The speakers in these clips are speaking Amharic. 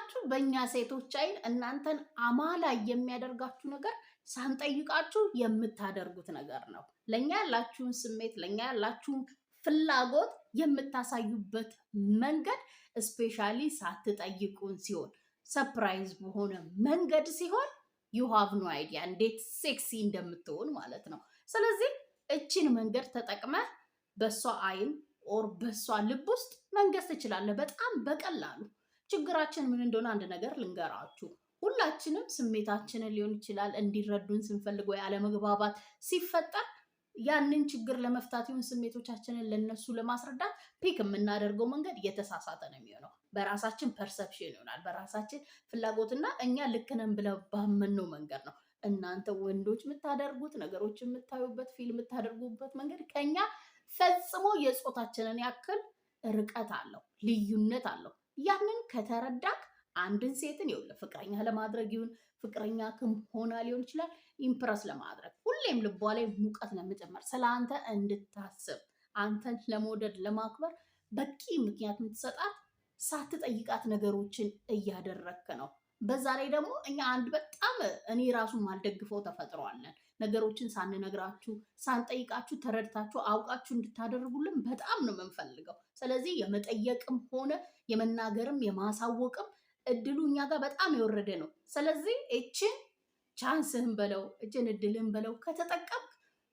ሄዳችሁ በእኛ ሴቶች አይን እናንተን አማላ የሚያደርጋችሁ ነገር ሳንጠይቃችሁ የምታደርጉት ነገር ነው። ለእኛ ያላችሁን ስሜት፣ ለእኛ ያላችሁን ፍላጎት የምታሳዩበት መንገድ ስፔሻሊ ሳትጠይቁን ሲሆን ሰፕራይዝ በሆነ መንገድ ሲሆን ዩ ሃቭ ኖ አይዲያ እንዴት ሴክሲ እንደምትሆን ማለት ነው። ስለዚህ እችን መንገድ ተጠቅመ በእሷ አይን ኦር በእሷ ልብ ውስጥ መንገስ ትችላለህ በጣም በቀላሉ። ችግራችን ምን እንደሆነ አንድ ነገር ልንገራችሁ። ሁላችንም ስሜታችንን ሊሆን ይችላል እንዲረዱን ስንፈልግ ወይ አለመግባባት ሲፈጠር ያንን ችግር ለመፍታት ይሁን ስሜቶቻችንን ለነሱ ለማስረዳት ፒክ የምናደርገው መንገድ የተሳሳተ ነው የሚሆነው። በራሳችን ፐርሰፕሽን ይሆናል፣ በራሳችን ፍላጎትና እኛ ልክ ነን ባመነው መንገድ ነው። እናንተ ወንዶች የምታደርጉት ነገሮች የምታዩበት ፊል የምታደርጉበት መንገድ ከኛ ፈጽሞ የጾታችንን ያክል ርቀት አለው፣ ልዩነት አለው። ያንን ከተረዳክ አንድን ሴትን ይኸውልህ ፍቅረኛ ለማድረግ ይሁን ፍቅረኛ ሆና ሊሆን ይችላል ኢምፕረስ ለማድረግ ሁሌም ልቧ ላይ ሙቀት ለመጨመር ስለ አንተ እንድታስብ አንተን ለመውደድ ለማክበር በቂ ምክንያት የምትሰጣት ሳትጠይቃት ነገሮችን እያደረግክ ነው። በዛ ላይ ደግሞ እኛ አንድ በጣም እኔ ራሱን ማልደግፈው ተፈጥሮ አለን። ነገሮችን ሳንነግራችሁ ሳንጠይቃችሁ ተረድታችሁ አውቃችሁ እንድታደርጉልን በጣም ነው የምንፈልገው። ስለዚህ የመጠየቅም ሆነ የመናገርም የማሳወቅም እድሉ እኛ ጋር በጣም የወረደ ነው። ስለዚህ እችን ቻንስህን በለው እችን እድልህን በለው ከተጠቀም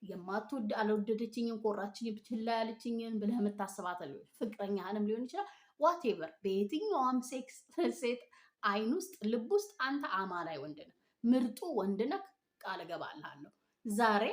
የማትወድ አልወደደችኝም፣ ኮራችኝ፣ ችላ ያለችኝን ብለህ የምታስባት ፍቅረኛህንም ሊሆን ይችላል ዋቴቨር በየትኛውም ሴክስ ሴት አይን ውስጥ ልብ ውስጥ አንተ አማላይ ወንድ ነህ፣ ምርጡ ወንድ ነህ። ቃል እገባልሃለሁ። ዛሬ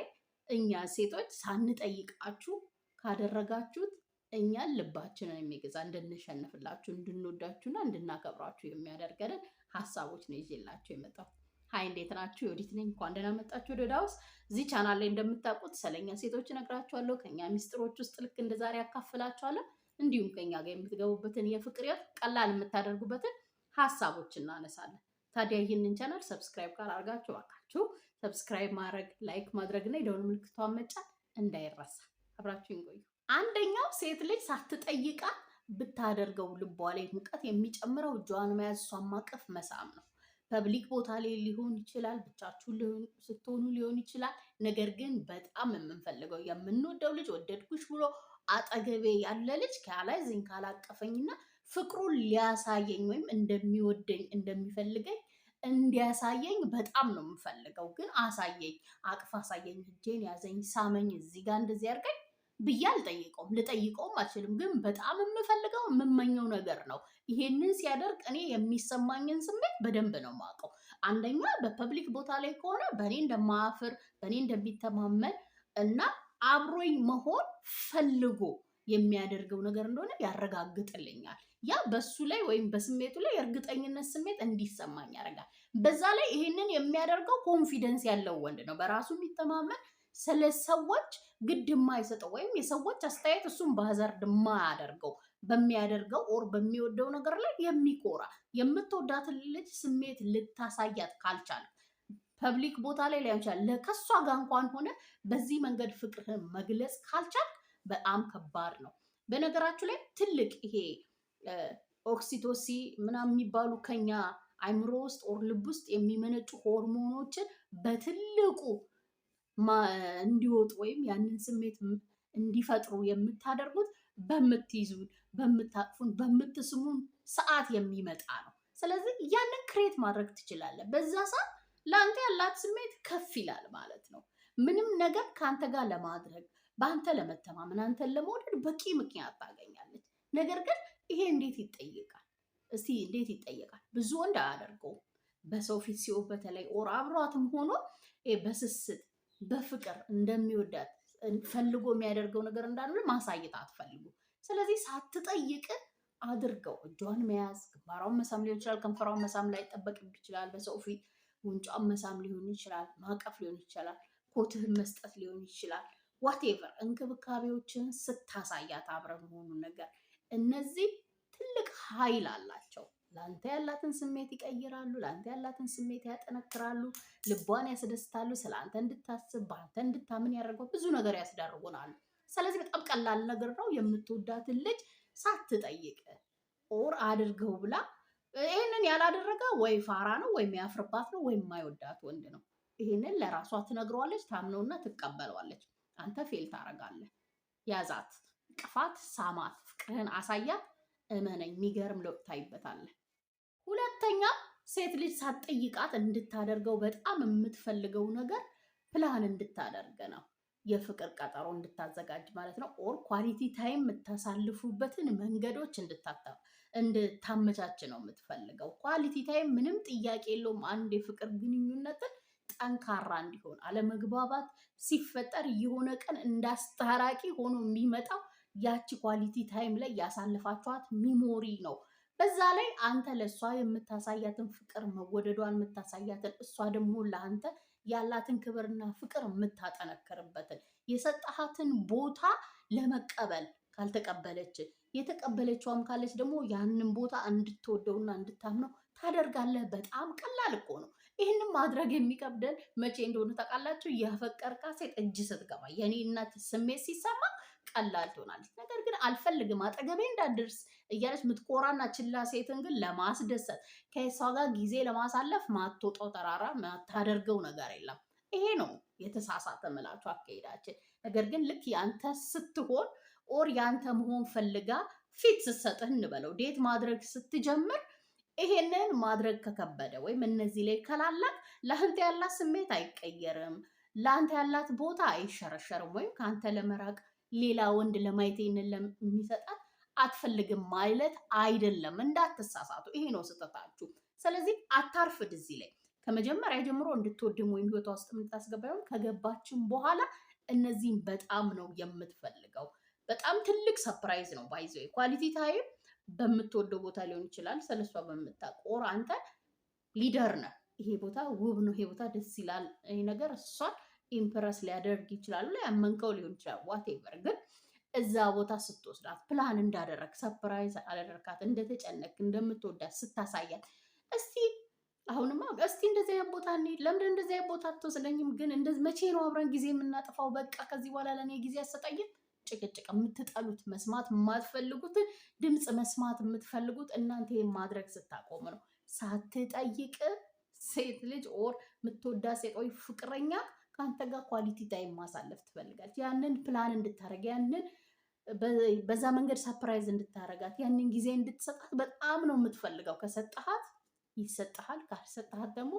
እኛ ሴቶች ሳንጠይቃችሁ ካደረጋችሁት እኛ ልባችንን የሚገዛ እንድንሸንፍላችሁ እንድንወዳችሁና እንድናከብራችሁ የሚያደርገንን ሀሳቦች ነው ይዤላችሁ የመጣው። ሀይ እንዴት ናችሁ? የወዲት ነኝ። እንኳን ደህና መጣችሁ ወደ ዮድ ሃውስ። እዚህ ቻናል ላይ እንደምታውቁት ስለኛ ሴቶች እነግራችኋለሁ። ከኛ ሚስጥሮች ውስጥ ልክ እንደ ዛሬ ያካፍላችኋለሁ። እንዲሁም ከኛ ጋር የምትገቡበትን የፍቅር ህይወት ቀላል የምታደርጉበትን ሀሳቦች እናነሳለን። ታዲያ ይህንን ቻናል ሰብስክራይብ ካላደረጋችሁ እባካችሁ ሰብስክራይብ ማድረግ፣ ላይክ ማድረግ እና የደወል ምልክቷን መጫን እንዳይረሳ። አብራችሁን ቆዩ። አንደኛው ሴት ልጅ ሳትጠይቃ ብታደርገው ልቧ ላይ ሙቀት የሚጨምረው እጇን መያዝ፣ እሷን ማቀፍ፣ መሳም ነው። ፐብሊክ ቦታ ላይ ሊሆን ይችላል፣ ብቻችሁ ስትሆኑ ሊሆን ይችላል። ነገር ግን በጣም የምንፈልገው የምንወደው ልጅ ወደድኩሽ ብሎ አጠገቤ ያለ ልጅ ካላይዘኝ ካላቀፈኝና ፍቅሩን ሊያሳየኝ ወይም እንደሚወደኝ እንደሚፈልገኝ እንዲያሳየኝ በጣም ነው የምፈልገው። ግን አሳየኝ፣ አቅፍ አሳየኝ፣ እጄን ያዘኝ፣ ሳመኝ፣ እዚህ ጋር እንደዚህ ያርገኝ ብዬ አልጠይቀውም፣ ልጠይቀውም አልችልም። ግን በጣም የምፈልገው የምመኘው ነገር ነው። ይሄንን ሲያደርግ እኔ የሚሰማኝን ስሜት በደንብ ነው የማውቀው። አንደኛ በፐብሊክ ቦታ ላይ ከሆነ በእኔ እንደማያፍር በእኔ እንደሚተማመን እና አብሮኝ መሆን ፈልጎ የሚያደርገው ነገር እንደሆነ ያረጋግጥልኛል። ያ በሱ ላይ ወይም በስሜቱ ላይ የእርግጠኝነት ስሜት እንዲሰማኝ ያደርጋል። በዛ ላይ ይህንን የሚያደርገው ኮንፊደንስ ያለው ወንድ ነው፣ በራሱ የሚተማመን ስለ ሰዎች ግድ የማይሰጠው ወይም የሰዎች አስተያየት እሱን በሀዛርድ የማያደርገው በሚያደርገው ኦር በሚወደው ነገር ላይ የሚኮራ የምትወዳትን ልጅ ስሜት ልታሳያት ካልቻለ ፐብሊክ ቦታ ላይ ሊሆን ይችላል። ከሷ ጋር እንኳን ሆነ በዚህ መንገድ ፍቅርህን መግለጽ ካልቻል በጣም ከባድ ነው። በነገራችሁ ላይ ትልቅ ይሄ ኦክሲቶሲ ምናምን የሚባሉ ከኛ አይምሮ ውስጥ ኦር ልብ ውስጥ የሚመነጩ ሆርሞኖችን በትልቁ እንዲወጡ ወይም ያንን ስሜት እንዲፈጥሩ የምታደርጉት በምትይዙን፣ በምታቅፉን፣ በምትስሙን ሰዓት የሚመጣ ነው። ስለዚህ ያንን ክሬት ማድረግ ትችላለህ። በዛ ሰዓት ለአንተ ያላት ስሜት ከፍ ይላል ማለት ነው። ምንም ነገር ከአንተ ጋር ለማድረግ በአንተ ለመተማመን አንተን ለመውደድ በቂ ምክንያት ታገኛለች። ነገር ግን ይሄ እንዴት ይጠየቃል? እስቲ እንዴት ይጠየቃል? ብዙ ወንድ እንዳያደርገው በሰው ፊት ሲሆን በተለይ ኦር አብሯትም ሆኖ በስስት በፍቅር እንደሚወዳት ፈልጎ የሚያደርገው ነገር እንዳለ ማሳየት አትፈልጉ። ስለዚህ ሳትጠይቅ አድርገው እጇን መያዝ፣ ግንባሯን መሳም ሊሆን ይችላል፣ ከንፈሯን መሳም ላይ ጠበቅ ይችላል፣ በሰው ፊት ጉንጫን መሳም ሊሆን ይችላል፣ ማቀፍ ሊሆን ይችላል፣ ኮትህን መስጠት ሊሆን ይችላል። ዋቴቨር እንክብካቤዎችን ስታሳያት አብረ መሆኑን ነገር እነዚህ ትልቅ ኃይል አላቸው። ለአንተ ያላትን ስሜት ይቀይራሉ። ለአንተ ያላትን ስሜት ያጠነክራሉ። ልቧን ያስደስታሉ። ስለ አንተ እንድታስብ በአንተ እንድታምን ያደርገው ብዙ ነገር ያስደርጉናሉ። ስለዚህ በጣም ቀላል ነገር ነው። የምትወዳትን ልጅ ሳትጠይቅ ኦር አድርገው ብላ ይህንን ያላደረገ ወይ ፋራ ነው ወይም ያፍርባት ነው ወይም የማይወዳት ወንድ ነው። ይህንን ለራሷ ትነግረዋለች፣ ታምነውና ትቀበለዋለች። አንተ ፌል ታረጋለህ። ያዛት፣ ቅፋት፣ ሳማት ሀቅህን አሳያት፣ እመነኝ፣ የሚገርም ለውጥ ታይበታለህ። ሁለተኛ ሴት ልጅ ሳትጠይቃት እንድታደርገው በጣም የምትፈልገው ነገር ፕላን እንድታደርግ ነው። የፍቅር ቀጠሮ እንድታዘጋጅ ማለት ነው። ኦር ኳሊቲ ታይም የምታሳልፉበትን መንገዶች እንድታመቻች ነው የምትፈልገው። ኳሊቲ ታይም ምንም ጥያቄ የለውም። አንድ የፍቅር ግንኙነትን ጠንካራ እንዲሆን አለመግባባት ሲፈጠር የሆነ ቀን እንዳስታራቂ ሆኖ የሚመጣው ያቺ ኳሊቲ ታይም ላይ ያሳለፋችኋት ሚሞሪ ነው። በዛ ላይ አንተ ለእሷ የምታሳያትን ፍቅር መወደዷን የምታሳያትን እሷ ደግሞ ለአንተ ያላትን ክብርና ፍቅር የምታጠነክርበትን የሰጣሃትን ቦታ ለመቀበል ካልተቀበለች የተቀበለችዋም ካለች ደግሞ ያንን ቦታ እንድትወደውና እንድታምነው ታደርጋለህ። በጣም ቀላል እኮ ነው። ይህንም ማድረግ የሚከብደን መቼ እንደሆነ ታውቃላችሁ? ያፈቀርካ ሴት እጅ ስትገባ የኔ እናት ስሜት ሲሰማ ቀላል ትሆናለች። ነገር ግን አልፈልግም አጠገቤ እንዳትደርስ እያለች ምትቆራና ችላ ሴትን ግን ለማስደሰት ከሷ ጋር ጊዜ ለማሳለፍ ማትወጣው ተራራ ማታደርገው ነገር የለም። ይሄ ነው የተሳሳተ ምላችሁ አካሄዳችን። ነገር ግን ልክ ያንተ ስትሆን ኦር ያንተ መሆን ፈልጋ ፊት ስትሰጥህ እንበለው ዴት ማድረግ ስትጀምር ይሄንን ማድረግ ከከበደ ወይም እነዚህ ላይ ከላላት ለአንተ ያላት ስሜት አይቀየርም። ለአንተ ያላት ቦታ አይሸረሸርም ወይም ከአንተ ለመራቅ ሌላ ወንድ ለማየት ይህንን የሚሰጣት አትፈልግም ማለት አይደለም። እንዳትሳሳቱ፣ ይሄ ነው ስህተታችሁ። ስለዚህ አታርፍድ እዚህ ላይ ከመጀመሪያ ጀምሮ እንድትወድም ወይም ህይወቷ ውስጥ የምታስገባየውን ከገባችን በኋላ እነዚህም በጣም ነው የምትፈልገው። በጣም ትልቅ ሰፕራይዝ ነው ባይዘ ኳሊቲ ታይም በምትወደው ቦታ ሊሆን ይችላል። ስለሷ በምታቆር አንተ ሊደር ነህ። ይሄ ቦታ ውብ ነው፣ ይሄ ቦታ ደስ ይላል፣ ይሄ ነገር እሷን ኢምፕረስ ሊያደርግ ይችላሉ። ብላ ያመንከው ሊሆን ይችላል። ዋቴቨር ግን እዛ ቦታ ስትወስዳት ፕላን እንዳደረግ ሰፕራይዝ አላደርካት እንደተጨነክ እንደምትወዳት ስታሳያት እስቲ አሁንማ እስቲ እንደዚያ ቦታ እንሂድ፣ ለምንድን እንደዚያ ቦታ አትወስደኝም? ግን መቼ ነው አብረን ጊዜ የምናጥፋው? በቃ ከዚህ በኋላ ለእኔ ጊዜ አሰጠኝም። ጭቅጭቅ የምትጠሉት መስማት የማትፈልጉት ድምፅ መስማት የምትፈልጉት እናንተ ይሄን ማድረግ ስታቆሙ ነው። ሳትጠይቅ ሴት ልጅ ኦር የምትወዳት ሴት ወይ ፍቅረኛ ከአንተ ጋር ኳሊቲ ታይም ማሳለፍ ትፈልጋለች። ያንን ፕላን እንድታደረግ ያንን በዛ መንገድ ሰፕራይዝ እንድታረጋት ያንን ጊዜ እንድትሰጣት በጣም ነው የምትፈልገው። ከሰጠሃት ይሰጠሃል፣ ካልሰጠሃት ደግሞ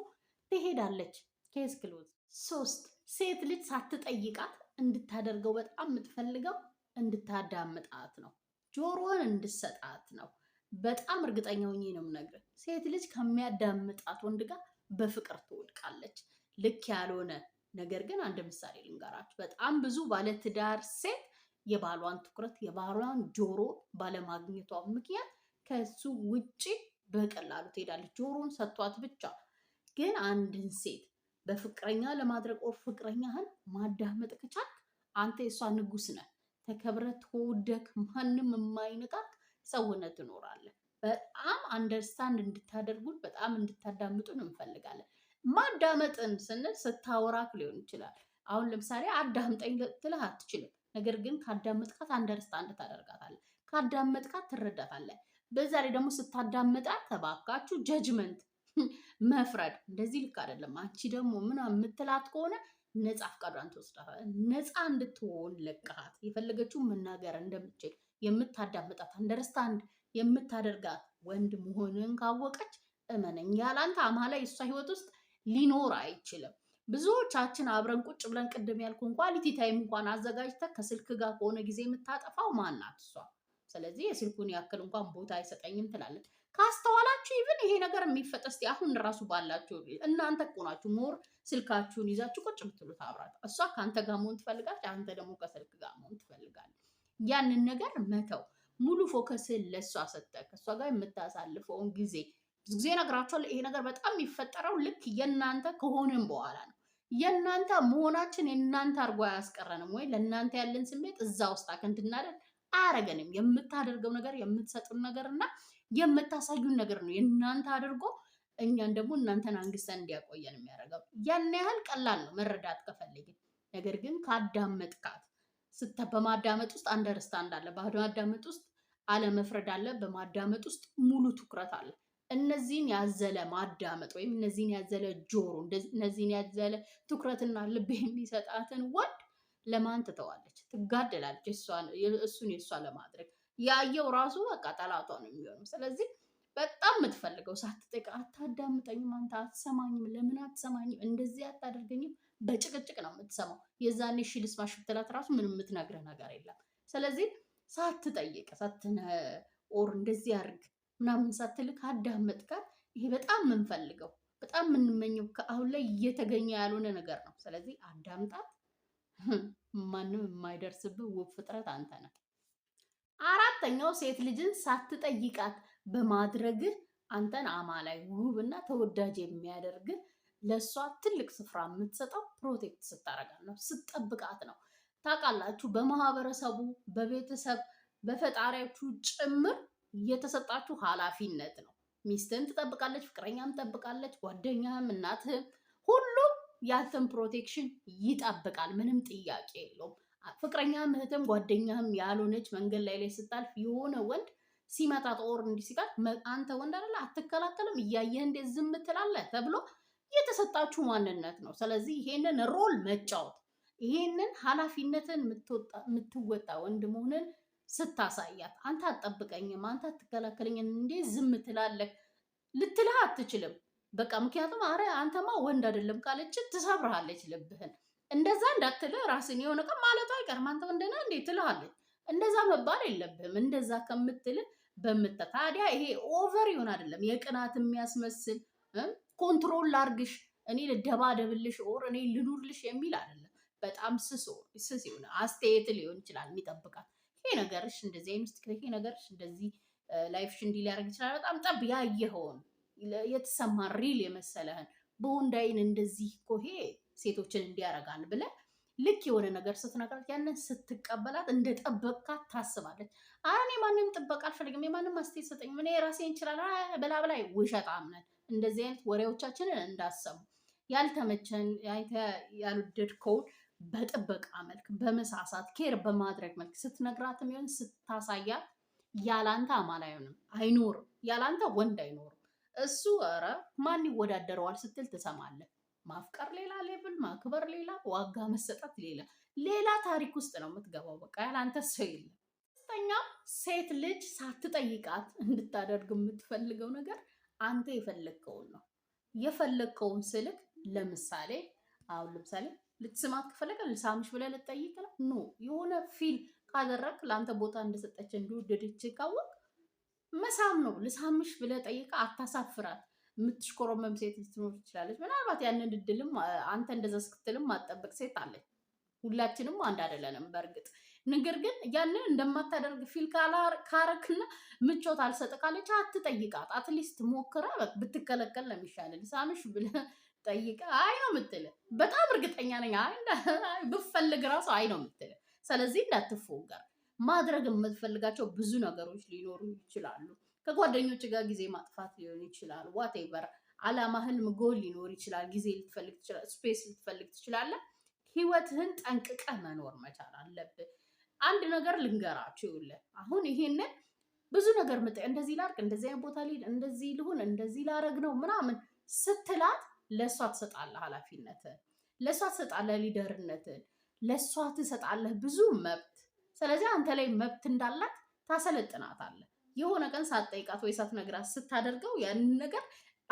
ትሄዳለች። ኬዝ ክሎዝ። ሶስት ሴት ልጅ ሳትጠይቃት እንድታደርገው በጣም የምትፈልገው እንድታዳምጣት ነው፣ ጆሮን እንድሰጣት ነው። በጣም እርግጠኛ ሆኜ ነው የምነግርህ፣ ሴት ልጅ ከሚያዳምጣት ወንድ ጋር በፍቅር ትወድቃለች። ልክ ያልሆነ ነገር ግን አንድ ምሳሌ ልንገራችሁ። በጣም ብዙ ባለትዳር ሴት የባሏን ትኩረት የባሏን ጆሮ ባለማግኘቷ ምክንያት ከሱ ውጪ በቀላሉ ትሄዳለች። ጆሮን ሰጥቷት ብቻ ግን አንድን ሴት በፍቅረኛ ለማድረግ ኦር ፍቅረኛህን ማዳመጥ ከቻልክ አንተ የእሷ ንጉስ ነህ። ተከብረ ተወደክ ማንም የማይንቃት ሰውነት ትኖራለህ። በጣም አንደርስታንድ እንድታደርጉን በጣም እንድታዳምጡን እንፈልጋለን። ማዳመጥን ስንል ስታወራክ ሊሆን ይችላል። አሁን ለምሳሌ አዳምጠኝ ትልህ አትችልም። ነገር ግን ካዳመጥካት አንደርስታንድ ታደርጋታለ፣ ካዳመጥካት ትረዳታለ። በዛ ላይ ደግሞ ስታዳመጣት ተባካችሁ ጀጅመንት መፍረድ እንደዚህ ልክ አይደለም፣ አንቺ ደግሞ ምን የምትላት ከሆነ ነፃ ፈቃዷን ትወስዳታለህ። ነፃ እንድትሆን ለቀሃት የፈለገችው መናገር እንደምትችል የምታዳምጣት አንደርስታንድ የምታደርጋት ወንድ መሆንን ካወቀች እመነኝ ያላንተ አማላይ እሷ ህይወት ውስጥ ሊኖር አይችልም። ብዙዎቻችን አብረን ቁጭ ብለን ቅድም ያልኩን ኳሊቲ ታይም እንኳን አዘጋጅተ ከስልክ ጋር ከሆነ ጊዜ የምታጠፋው ማናት እሷ። ስለዚህ የስልኩን ያክል እንኳን ቦታ አይሰጠኝም ትላለች። ካስተዋላችሁ ኢቭን ይሄ ነገር የሚፈጠ የሚፈጠስ አሁን ራሱ ባላችሁ እናንተ እኮ ናችሁ ሞር ስልካችሁን ይዛችሁ ቁጭ ብትሉት አብራችሁ። እሷ ከአንተ ጋር መሆን ትፈልጋለች፣ አንተ ደግሞ ከስልክ ጋር መሆን ትፈልጋለች። ያንን ነገር መተው ሙሉ ፎከስን ለእሷ ሰጠ ከእሷ ጋር የምታሳልፈውን ጊዜ ብዙ ጊዜ ነግራቸዋል። ይሄ ነገር በጣም የሚፈጠረው ልክ የእናንተ ከሆንም በኋላ ነው። የእናንተ መሆናችን የእናንተ አድርጎ አያስቀረንም ወይ ለእናንተ ያለን ስሜት እዛ ውስጥ እንድናደርግ አያረገንም። የምታደርገው ነገር የምትሰጡን ነገር እና የምታሳዩን ነገር ነው የእናንተ አድርጎ እኛን ደግሞ እናንተን አንግሰን እንዲያቆየን የሚያደርገው ያን ያህል ቀላል ነው መረዳት ከፈለግን። ነገር ግን ካዳመጥካት ስተ በማዳመጥ ውስጥ አንደርስታንድ አለ፣ በማዳመጥ ውስጥ አለመፍረድ አለ፣ በማዳመጥ ውስጥ ሙሉ ትኩረት አለ። እነዚህን ያዘለ ማዳመጥ ወይም እነዚህን ያዘለ ጆሮ፣ እነዚህን ያዘለ ትኩረትና ልብ የሚሰጣትን ወንድ ለማን ትተዋለች? ትጋደላለች። እሱን የእሷ ለማድረግ ያየው ራሱ በቃ ጠላቷ ነው የሚሆነው። ስለዚህ በጣም የምትፈልገው ሳትጠይቅ አታዳምጠኝም፣ አንተ አትሰማኝም፣ ለምን አትሰማኝም፣ እንደዚህ አታደርገኝም፣ በጭቅጭቅ ነው የምትሰማው። የዛኔ ሺ ልስማሽ ብትላት ራሱ ምንም የምትነግርህ ነገር የለም። ስለዚህ ሳትጠይቅ ሳትነ ኦር እንደዚህ አድርግ ምናምን ሳትልክ አዳመጥካት። ይሄ በጣም የምንፈልገው በጣም የምንመኘው ከአሁን ላይ እየተገኘ ያልሆነ ነገር ነው። ስለዚህ አዳምጣት። ማንም የማይደርስብህ ውብ ፍጥረት አንተ ነህ። አራተኛው ሴት ልጅን ሳትጠይቃት በማድረግህ አንተን አማላይ ውብና ተወዳጅ የሚያደርግህ ለእሷ ትልቅ ስፍራ የምትሰጠው ፕሮቴክት ስታረጋት ነው፣ ስትጠብቃት ነው። ታውቃላችሁ፣ በማህበረሰቡ፣ በቤተሰብ፣ በፈጣሪያችሁ ጭምር የተሰጣችሁ ኃላፊነት ነው። ሚስትህን ትጠብቃለች፣ ፍቅረኛም ትጠብቃለች፣ ጓደኛም፣ እናትህም ሁሉም ያንተን ፕሮቴክሽን ይጠብቃል። ምንም ጥያቄ የለውም። ፍቅረኛም፣ እህትም፣ ጓደኛም ያልሆነች መንገድ ላይ ላይ ስታልፍ የሆነ ወንድ ሲመጣ ጦር እንዲህ ሲጋር አንተ ወንድ አይደለ አትከላከልም፣ እያየህ እንዴት ዝም ትላለህ ተብሎ የተሰጣችሁ ማንነት ነው። ስለዚህ ይሄንን ሮል መጫወት ይሄንን ኃላፊነትን የምትወጣ ወንድ መሆንን ስታሳያት አንተ አትጠብቀኝም፣ አንተ አትከላከለኝም እንዴ ዝም ትላለህ ልትልህ አትችልም። በቃ ምክንያቱም አረ አንተማ ወንድ አይደለም ካለች ትሰብርሃለች ልብህን። እንደዛ እንዳትልህ ራስን የሆነ ቀን ማለቱ አይቀርም አንተ ወንድ ነህ እንዴ ትልሃለች። እንደዛ መባል የለብህም። እንደዛ ከምትልህ በምታ ታዲያ ይሄ ኦቨር ይሆን አይደለም የቅናት የሚያስመስል ኮንትሮል ላርግሽ እኔ ልደባደብልሽ ኦር እኔ ልኑርልሽ የሚል አይደለም። በጣም ስስ ስስ ሆነ አስተያየት ሊሆን ይችላል የሚጠብቃት ይሄ ነገርሽ እንደዚህ አይነት ስትክለክ፣ ይሄ ነገርሽ እንደዚህ ላይፍሽ እንዲህ ሊያደርግ ይችላል። በጣም ጠብ ያየኸውን የተሰማ ሪል የመሰለህን በወንድ አይን እንደዚህ እኮ ይሄ ሴቶችን እንዲያረጋል ብለህ ልክ የሆነ ነገር ስትነግራት ያንን ስትቀበላት እንደ ጠበቅካት ታስባለች። እኔ ማንም ጥበቃ አልፈልግም፣ የማንም አስተያየት ሰጠኝ ምን ራሴን ይችላል በላ በላይ ውሸጣም ነን። እንደዚህ አይነት ወሬዎቻችንን እንዳሰቡ ያልተመቸን ያልወደድከውን በጥበቃ መልክ በመሳሳት ኬር በማድረግ መልክ ስትነግራትም ይሆን ስታሳያት ያላንተ አማል አይሆንም፣ አይኖርም። ያላንተ ወንድ አይኖርም። እሱ ኧረ ማን ይወዳደረዋል ስትል ትሰማለህ። ማፍቀር ሌላ ሌብል፣ ማክበር ሌላ፣ ዋጋ መሰጠት ሌላ ሌላ ታሪክ ውስጥ ነው የምትገባው። በቃ ያላንተ ሰው የለም። ሶስተኛው ሴት ልጅ ሳትጠይቃት እንድታደርግ የምትፈልገው ነገር አንተ የፈለግከውን ነው። የፈለግከውን ስልክ ለምሳሌ አሁን ለምሳሌ ልትስማት ከፈለገ ልሳምሽ ብለህ ልትጠይቅ ነው። ኖ የሆነ ፊል ካደረግ ለአንተ ቦታ እንደሰጠች እንደወደደች ካወቅ መሳም ነው። ልሳምሽ ብለህ ጠይቀ አታሳፍራት። የምትሽኮረመም ሴት ልትኖር ትችላለች። ምናልባት ያንን እድልም አንተ እንደዛ እስክትልም ማጠበቅ ሴት አለች። ሁላችንም አንድ አይደለንም በእርግጥ ነገር ግን ያንን እንደማታደርግ ፊል ካረክና ምቾት አልሰጥ ካለች አትጠይቃት። አትሊስት ሞክራ ብትከለከል ነው የሚሻለን። ሳምሽ ብለህ ጠይቀ አይ ነው የምትልህ። በጣም እርግጠኛ ነኝ። አይ ብፈልግ ራሱ አይ ነው የምትልህ። ስለዚህ እንዳትፎጋ። ማድረግ የምትፈልጋቸው ብዙ ነገሮች ሊኖሩ ይችላሉ። ከጓደኞች ጋር ጊዜ ማጥፋት ሊሆን ይችላል። ዋቴቨር አላማ፣ ህልም፣ ጎል ሊኖር ይችላል። ጊዜ ልትፈልግ ትችላለህ። ስፔስ ልትፈልግ ትችላለህ። ህይወትህን ጠንቅቀህ መኖር መቻል አለብህ። አንድ ነገር ልንገራችሁ ይኸውልህ፣ አሁን ይሄንን ብዙ ነገር ምጥ እንደዚህ ላርቅ፣ እንደዚህ ቦታ ልሂድ፣ እንደዚህ ልሁን፣ እንደዚህ ላረግ ነው ምናምን ስትላት ለእሷ ትሰጣለህ ኃላፊነትን፣ ለእሷ ትሰጣለህ ሊደርነትን፣ ለእሷ ትሰጣለህ ብዙ መብት። ስለዚህ አንተ ላይ መብት እንዳላት ታሰለጥናታለህ። የሆነ ቀን ሳትጠይቃት ወይ ሳትነግራት ስታደርገው ያንን ነገር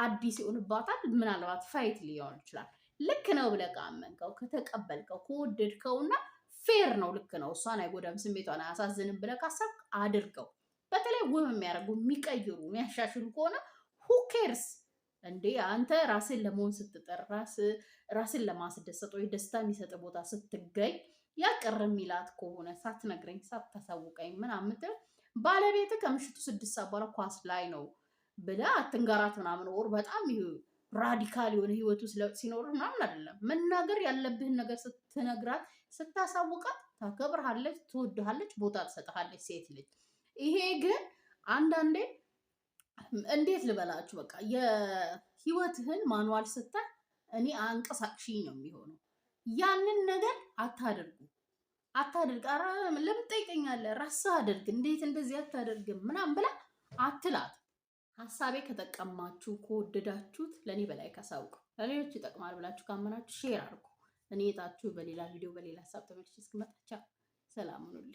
አዲስ ይሆንባታል። ምናልባት ፋይት ሊሆን ይችላል። ልክ ነው ብለህ ካመንከው ከተቀበልከው፣ ከወደድከውና ፌር ነው ልክ ነው እሷን አይጎዳም ስሜቷን አያሳዝንም ብለህ ካሰብክ አድርገው። በተለይ ውብ የሚያደርጉ የሚቀይሩ የሚያሻሽሉ ከሆነ ሁኬርስ እንዴ አንተ ራስን ለመሆን ስትጠር ራስን ለማስደሰጥ ወይ ደስታ የሚሰጥ ቦታ ስትገኝ ያቅር የሚላት ከሆነ ሳትነግረኝ ሳታሳውቀኝ ምናምን ባለቤት ከምሽቱ ስድስት ሰዓት በኋላ ኳስ ላይ ነው ብላ አትንጋራት ምናምን ወር በጣም ራዲካል የሆነ ህይወቱ ሲኖር ምናምን አይደለም። መናገር ያለብህን ነገር ስትነግራት ስታሳውቃት ታከብርሃለች፣ ትወድሃለች፣ ቦታ ትሰጥሃለች ሴት ልጅ። ይሄ ግን አንዳንዴ እንዴት ልበላችሁ፣ በቃ የህይወትህን ማንዋል ስታይ እኔ አንቀሳቅሺ ነው የሚሆነው። ያንን ነገር አታደርጉ አታደርግ፣ ኧረ ለምን ትጠይቀኛለህ? ራስህ አድርግ፣ እንዴት እንደዚህ አታደርግም ምናምን ብላ አትላት። ሀሳቤ ከጠቀማችሁ ከወደዳችሁት፣ ለእኔ በላይ ካሳውቁ፣ ለሌሎች ይጠቅማል ብላችሁ ካመናችሁ ሼር አድርጉ። እኔ የጣችሁ በሌላ ቪዲዮ በሌላ ሀሳብ ተመልሼ እስክመጣ ቻው፣ ሰላም ሁኑልኝ።